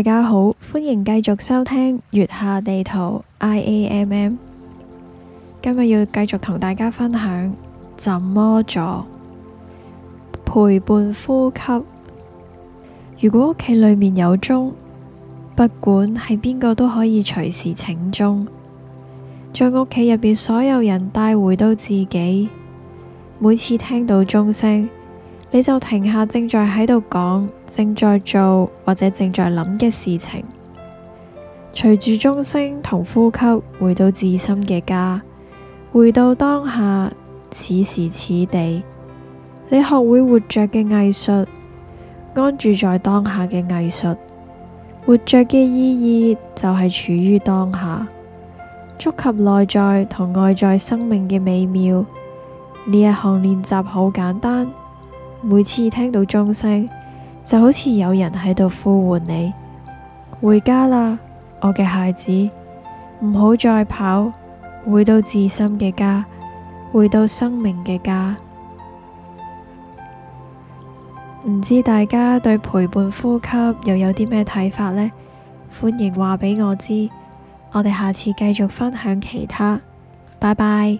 大家好，歡迎繼續收聽月下地圖 I A M M。今日要繼續同大家分享，怎麼坐陪伴呼吸。如果屋企裏面有鐘，不管係邊個都可以隨時請鐘，在屋企入邊所有人帶回到自己。每次聽到鐘聲，你就停下正在喺度講、正在做或者正在諗嘅事情，隨住鐘聲同呼吸回到自身嘅家，回到當下此時此地。你學會活着嘅藝術，安住在當下嘅藝術，活着嘅意義就係處於當下，觸及內在同外在生命嘅美妙。呢一項練習好簡單。每次聽到鐘聲，就好似有人喺度呼喚你，回家啦，我嘅孩子，唔好再跑，回到自心嘅家，回到生命嘅家。唔知大家對陪伴呼吸又有啲咩睇法呢？歡迎話畀我知，我哋下次繼續分享其他。拜拜。